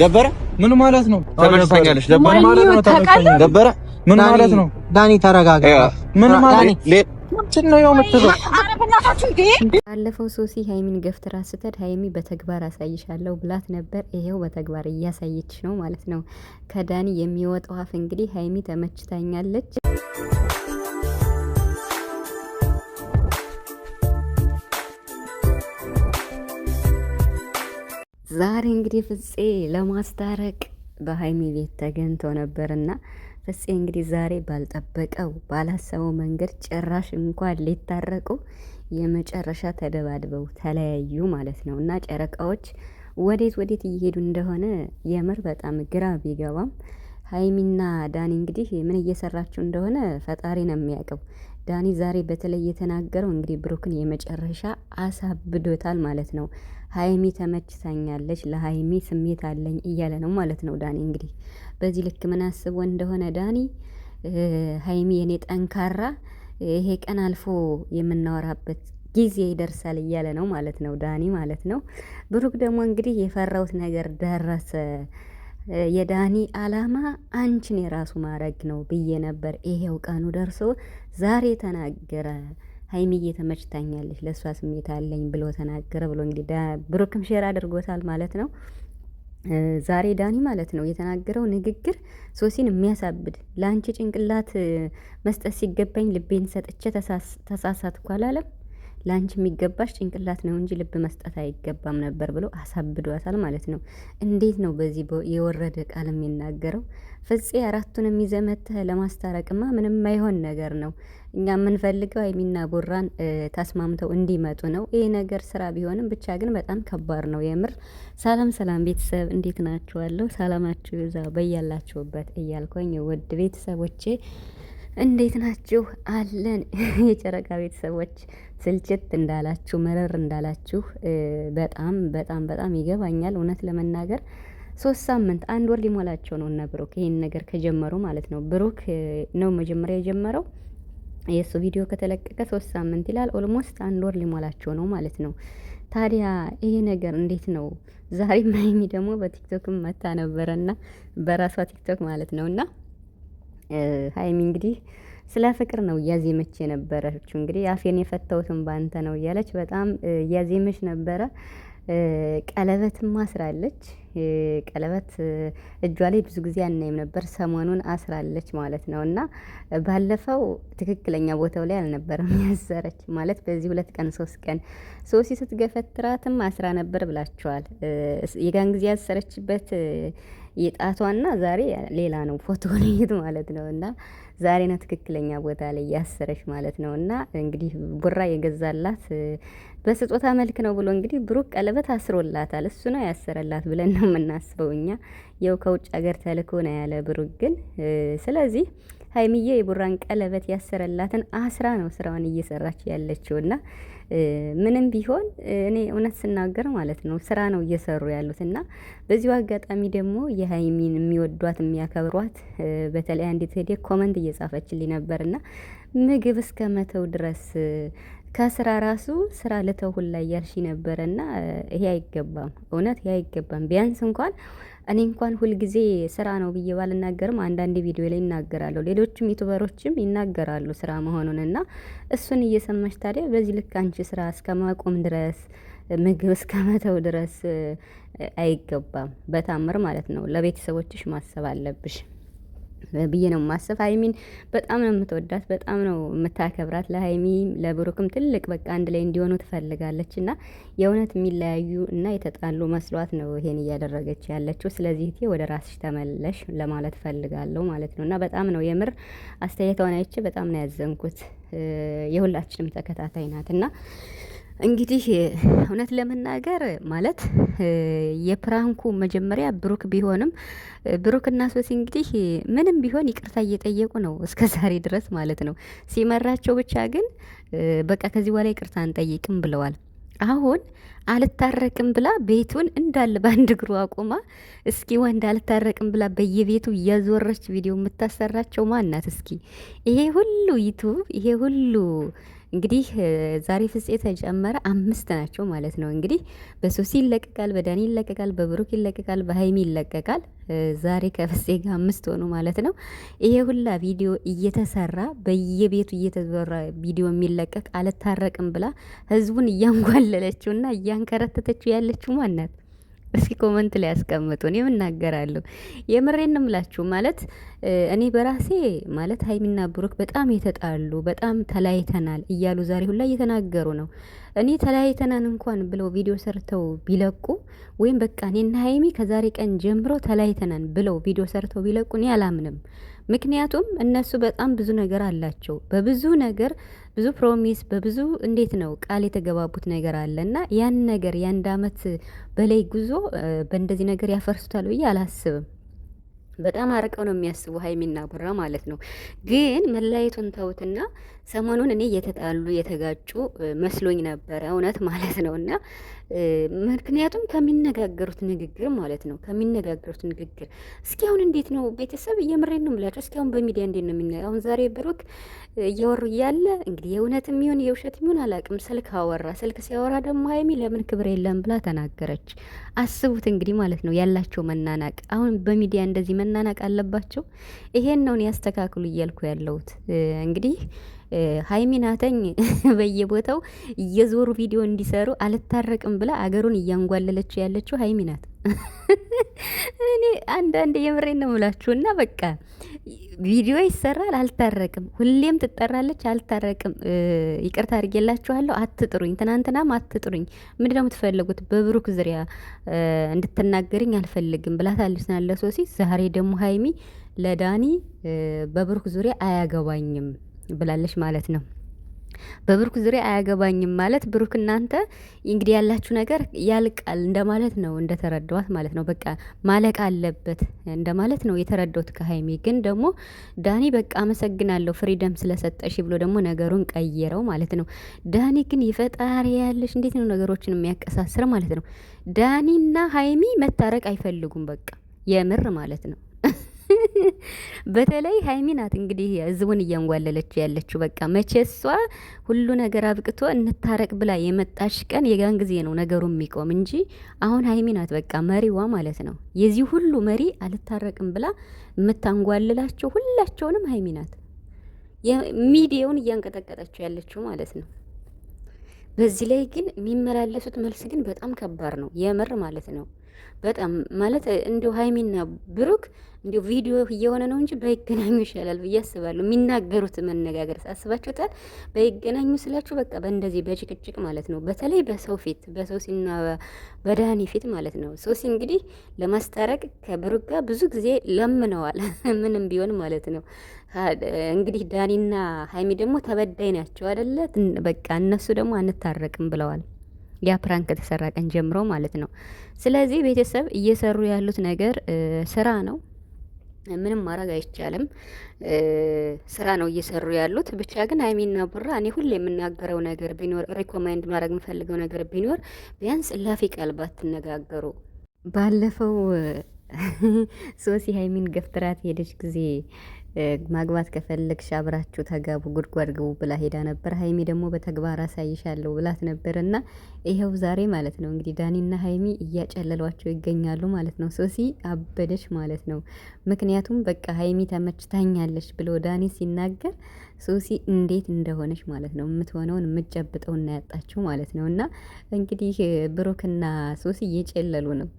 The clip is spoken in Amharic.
ደበረ ምን ማለት ነው? ተመልሰኛለሽ። ደበረ ማለት ነው። ተመልሰኛለሽ። ደበረ ምን ማለት ነው? ዳኒ ተረጋጋ። ምን ማለት ባለፈው ሶሲ ሀይሚን ገፍትራ ስትሄድ ሀይሚ በተግባር አሳይሻለሁ ብላት ነበር። ይሄው በተግባር እያሳየች ነው ማለት ነው። ከዳኒ የሚወጣው አፍ እንግዲህ ሀይሚ ተመችታኛለች። ዛሬ እንግዲህ ፍፄ ለማስታረቅ በሀይሚ ቤት ተገኝቶ ነበርና ፍፄ እንግዲህ ዛሬ ባልጠበቀው ባላሰበው መንገድ ጭራሽ እንኳን ሊታረቁ የመጨረሻ ተደባድበው ተለያዩ ማለት ነው። እና ጨረቃዎች ወዴት ወዴት እየሄዱ እንደሆነ የምር በጣም ግራ ቢገባም ሀይሚና ዳኒ እንግዲህ ምን እየሰራችሁ እንደሆነ ፈጣሪ ነው የሚያውቀው። ዳኒ ዛሬ በተለይ የተናገረው እንግዲህ ብሩክን የመጨረሻ አሳብዶታል ማለት ነው። ሀይሚ ተመችታኛለች፣ ለሀይሚ ስሜት አለኝ እያለ ነው ማለት ነው። ዳኒ እንግዲህ በዚህ ልክ ምን አስቦ እንደሆነ ዳኒ ሀይሚ የኔ ጠንካራ፣ ይሄ ቀን አልፎ የምናወራበት ጊዜ ይደርሳል እያለ ነው ማለት ነው። ዳኒ ማለት ነው። ብሩክ ደግሞ እንግዲህ የፈራሁት ነገር ደረሰ የዳኒ አላማ አንቺን የራሱ ማድረግ ነው ብዬ ነበር። ይሄው ቀኑ ደርሶ ዛሬ ተናገረ። ሀይሚዬ ተመችታኛለች፣ ለእሷ ስሜት አለኝ ብሎ ተናገረ ብሎ እንግዲህ ብሩክም ሼር አድርጎታል ማለት ነው። ዛሬ ዳኒ ማለት ነው የተናገረው ንግግር ሶሲን የሚያሳብድ ለአንቺ ጭንቅላት መስጠት ሲገባኝ ልቤን ሰጥቼ ተሳሳትኩ አላለም። ለአንቺ የሚገባሽ ጭንቅላት ነው እንጂ ልብ መስጠት አይገባም ነበር ብሎ አሳብዷታል ማለት ነው። እንዴት ነው በዚህ የወረደ ቃል የሚናገረው? ፍፄ አራቱን የሚዘመትህ ለማስታረቅማ ምንም አይሆን ነገር ነው። እኛ የምንፈልገው አይሚና ቦራን ተስማምተው እንዲመጡ ነው። ይህ ነገር ስራ ቢሆንም ብቻ ግን በጣም ከባድ ነው የምር። ሰላም ሰላም ቤተሰብ እንዴት ናችኋለሁ? ሰላማችሁ ዛ በያላችሁበት እያልኩኝ ውድ ቤተሰቦቼ እንዴት ናችሁ? አለን የጨረቃ ቤተሰቦች ስልችት እንዳላችሁ መረር እንዳላችሁ በጣም በጣም በጣም ይገባኛል። እውነት ለመናገር ሶስት ሳምንት አንድ ወር ሊሞላቸው ነው እና ብሩክ ይህን ነገር ከጀመሩ ማለት ነው። ብሩክ ነው መጀመሪያ የጀመረው የእሱ ቪዲዮ ከተለቀቀ ሶስት ሳምንት ይላል። ኦልሞስት አንድ ወር ሊሞላቸው ነው ማለት ነው። ታዲያ ይሄ ነገር እንዴት ነው? ዛሬ ማይሚ ደግሞ በቲክቶክም መታ ነበረና በራሷ ቲክቶክ ማለት ነውና ሀይሚ እንግዲህ ስለ ፍቅር ነው እያዜመች የነበረችው። እንግዲህ አፌን የፈታሁትን ባንተ ነው እያለች በጣም እያዜመች ነበረ። ቀለበትም አስራለች። ቀለበት እጇ ላይ ብዙ ጊዜ አናይም ነበር፣ ሰሞኑን አስራለች ማለት ነው። እና ባለፈው ትክክለኛ ቦታው ላይ አልነበረም ያሰረች ማለት በዚህ ሁለት ቀን ሶስት ቀን ሶሲ ስትገፈትራትም አስራ ነበር ብላችኋል። የጋን ጊዜ ያሰረችበት የጣቷና ዛሬ ሌላ ነው ፎቶ ለየት ማለት ነው። እና ዛሬ ነው ትክክለኛ ቦታ ላይ ያሰረሽ ማለት ነው። እና እንግዲህ ቡራ የገዛላት በስጦታ መልክ ነው ብሎ እንግዲህ ብሩክ ቀለበት አስሮላታል። እሱ ነው ያሰረላት ብለን ነው የምናስበው እኛ። ያው ከውጭ ሀገር ተልኮ ነው ያለ ብሩክ ግን ስለዚህ ሀይሚዬ የቡራን ቀለበት ያሰረላትን አስራ ነው ስራዋን እየሰራች ያለችው እና ምንም ቢሆን እኔ እውነት ስናገር ማለት ነው ስራ ነው እየሰሩ ያሉት እና በዚሁ አጋጣሚ ደግሞ የሀይሚን የሚወዷት የሚያከብሯት በተለይ አንዲት ሄዴ ኮመንት እየጻፈችልኝ ነበርና ምግብ እስከ መተው ድረስ ከስራ ራሱ ስራ ልተው ሁላ እያልሽ ነበረና ይሄ አይገባም፣ እውነት ይሄ አይገባም። ቢያንስ እንኳን እኔ እንኳን ሁልጊዜ ስራ ነው ብዬ ባልናገርም አንዳንድ ቪዲዮ ላይ ይናገራለሁ፣ ሌሎችም ዩቱበሮችም ይናገራሉ ስራ መሆኑንና እሱን እየሰማሽ ታዲያ በዚህ ልክ አንቺ ስራ እስከ ማቆም ድረስ ምግብ እስከ መተው ድረስ አይገባም፣ በታምር ማለት ነው። ለቤተሰቦችሽ ማሰብ አለብሽ። ብዬ ነው ማሰብ። ሀይሚን በጣም ነው የምትወዳት፣ በጣም ነው የምታከብራት። ለሀይሚ ለብሩክም ትልቅ በቃ አንድ ላይ እንዲሆኑ ትፈልጋለች እና የእውነት የሚለያዩ እና የተጣሉ መስሏት ነው ይሄን እያደረገች ያለችው። ስለዚህ እቴ ወደ ራስሽ ተመለሽ ለማለት ፈልጋለሁ ማለት ነው እና በጣም ነው የምር አስተያየቷን አይቼ በጣም ነው ያዘንኩት። የሁላችንም ተከታታይ ናት እና እንግዲህ እውነት ለመናገር ማለት የፕራንኩ መጀመሪያ ብሩክ ቢሆንም ብሩክና ሶሲ እንግዲህ ምንም ቢሆን ይቅርታ እየጠየቁ ነው እስከ ዛሬ ድረስ ማለት ነው። ሲመራቸው ብቻ ግን በቃ ከዚህ በኋላ ይቅርታ አንጠይቅም ብለዋል። አሁን አልታረቅም ብላ ቤቱን እንዳለ በአንድ እግሩ አቁማ፣ እስኪ ወንድ አልታረቅም ብላ በየቤቱ እያዞረች ቪዲዮ የምታሰራቸው ማናት? እስኪ ይሄ ሁሉ ዩቱብ ይሄ ሁሉ እንግዲህ ዛሬ ፍፄ ተጨመረ አምስት ናቸው ማለት ነው። እንግዲህ በሶሲ ይለቀቃል፣ በዳኒ ይለቀቃል፣ በብሩክ ይለቀቃል፣ በሀይሚ ይለቀቃል። ዛሬ ከፍፄ ጋር አምስት ሆኑ ማለት ነው። ይሄ ሁላ ቪዲዮ እየተሰራ በየቤቱ እየተዘራ ቪዲዮ የሚለቀቅ አልታረቅም ብላ ህዝቡን እያንጓለለችውና እያንከረተተችው ያለችው ማናት? እስኪ ኮመንት ላይ ያስቀምጡ። እኔም እናገራለሁ። የምሬን ነው ማለት እኔ በራሴ ማለት ሀይሚና ብሩክ በጣም የተጣሉ በጣም ተለያይተናል እያሉ ዛሬ ሁላ እየተናገሩ ነው። እኔ ተላይተናን እንኳን ብለው ቪዲዮ ሰርተው ቢለቁ ወይም በቃ እኔና ሀይሚ ከዛሬ ቀን ጀምሮ ተለያይተናን ብለው ቪዲዮ ሰርተው ቢለቁ እኔ አላምንም። ምክንያቱም እነሱ በጣም ብዙ ነገር አላቸው። በብዙ ነገር ብዙ ፕሮሚስ በብዙ እንዴት ነው ቃል የተገባቡት ነገር አለ እና ያን ነገር የአንድ አመት በላይ ጉዞ በእንደዚህ ነገር ያፈርሱታል ብዬ አላስብም። በጣም አርቀው ነው የሚያስቡ ሀይሚና ቡራ ማለት ነው። ግን መለያየቱን ተውትና ሰሞኑን እኔ እየተጣሉ የተጋጩ መስሎኝ ነበረ፣ እውነት ማለት ነው። እና ምክንያቱም ከሚነጋገሩት ንግግር ማለት ነው ከሚነጋገሩት ንግግር እስኪ አሁን እንዴት ነው ቤተሰብ፣ እየምሬን ነው ምላቸው። እስኪ አሁን በሚዲያ እንዴት ነው የሚነ አሁን ዛሬ ብሩክ እያወሩ እያለ እንግዲህ የእውነት የሚሆን የውሸት የሚሆን አላውቅም፣ ስልክ አወራ። ስልክ ሲያወራ ደግሞ ሀይሚ ለምን ክብር የለም ብላ ተናገረች። አስቡት እንግዲህ ማለት ነው ያላቸው መናናቅ። አሁን በሚዲያ እንደዚህ መናናቅ አለባቸው። ይሄን ነውን ያስተካክሉ እያልኩ ያለሁት እንግዲህ ሀይሚ ናተኝ በየቦታው እየዞሩ ቪዲዮ እንዲሰሩ አልታረቅም ብላ አገሩን እያንጓለለችው ያለችው ሀይሚ ናት። እኔ አንዳንድ የምሬ ነው ምላችሁ እና በቃ ቪዲዮ ይሰራል፣ አልታረቅም። ሁሌም ትጠራለች፣ አልታረቅም። ይቅርታ አድርጌላችኋለሁ፣ አትጥሩኝ። ትናንትናም አትጥሩኝ። ምንድን ነው የምትፈልጉት? በብሩክ ዙሪያ እንድትናገርኝ አልፈልግም ብላታለች ናለ ሶሲ። ዛሬ ደግሞ ሀይሚ ለዳኒ በብሩክ ዙሪያ አያገባኝም ብላለች ማለት ነው። በብሩክ ዙሪያ አያገባኝም ማለት ብሩክ እናንተ እንግዲህ ያላችሁ ነገር ያልቃል እንደማለት ነው እንደተረዳዋት ማለት ነው። በቃ ማለቅ አለበት እንደማለት ነው የተረዳሁት። ከሀይሚ ግን ደግሞ ዳኒ በቃ አመሰግናለሁ ፍሪደም ስለሰጠሽ ብሎ ደግሞ ነገሩን ቀየረው ማለት ነው። ዳኒ ግን የፈጣሪ ያለሽ እንዴት ነው ነገሮችን የሚያቀሳስር ማለት ነው። ዳኒና ሀይሚ መታረቅ አይፈልጉም በቃ የምር ማለት ነው። በተለይ ሀይሚ ናት እንግዲህ ህዝቡን እያንጓለለች ያለችው። በቃ መቼ እሷ ሁሉ ነገር አብቅቶ እንታረቅ ብላ የመጣሽ ቀን የጋን ጊዜ ነው ነገሩ የሚቆም እንጂ አሁን ሀይሚ ናት በቃ መሪዋ ማለት ነው። የዚህ ሁሉ መሪ አልታረቅም ብላ የምታንጓልላቸው ሁላቸውንም ሀይሚ ናት ሚዲያውን እያንቀጠቀጠችው ያለችው ማለት ነው። በዚህ ላይ ግን የሚመላለሱት መልስ ግን በጣም ከባድ ነው የምር ማለት ነው። በጣም ማለት እንዲሁ ሀይሚና ብሩክ እንዲሁ ቪዲዮ እየሆነ ነው እንጂ በይገናኙ ይሻላል ብዬ አስባለሁ። የሚናገሩት መነጋገር አስባችሁታል? በይገናኙ ስላችሁ በቃ በእንደዚህ በጭቅጭቅ ማለት ነው። በተለይ በሰው ፊት በሶሲና በዳኒ ፊት ማለት ነው። ሶሲ እንግዲህ ለማስታረቅ ከብሩክ ጋር ብዙ ጊዜ ለምነዋል፣ ምንም ቢሆን ማለት ነው። እንግዲህ ዳኒና ሀይሚ ደግሞ ተበዳይ ናቸው አደለ? በቃ እነሱ ደግሞ አንታረቅም ብለዋል። ያ ፕራንክ ከተሰራ ቀን ጀምሮ ማለት ነው። ስለዚህ ቤተሰብ እየሰሩ ያሉት ነገር ስራ ነው። ምንም ማድረግ አይቻልም። ስራ ነው እየሰሩ ያሉት። ብቻ ግን ሀይሚና ቡራ እኔ ሁሌ የምናገረው ነገር ቢኖር ሪኮማንድ ማድረግ የምፈልገው ነገር ቢኖር ቢያንስ ላፊ ቃል ባትነጋገሩ። ባለፈው ሶሲ ሀይሚን ገፍትራት ሄደች ጊዜ ማግባት ከፈለግሽ አብራችሁ ተጋቡ ጉድጓድ ግቡ ብላ ሄዳ ነበር። ሀይሚ ደግሞ በተግባር አሳይሻለሁ ብላት ነበር እና ይኸው ዛሬ ማለት ነው እንግዲህ ዳኒና ሀይሚ እያጨለሏቸው ይገኛሉ ማለት ነው። ሶሲ አበደች ማለት ነው። ምክንያቱም በቃ ሀይሚ ተመችታኛለች ብሎ ዳኒ ሲናገር ሶሲ እንዴት እንደሆነች ማለት ነው የምትሆነውን የምትጨብጠው እናያጣችው ማለት ነው። እና እንግዲህ ብሩክና ሶሲ እየጨለሉ ነው።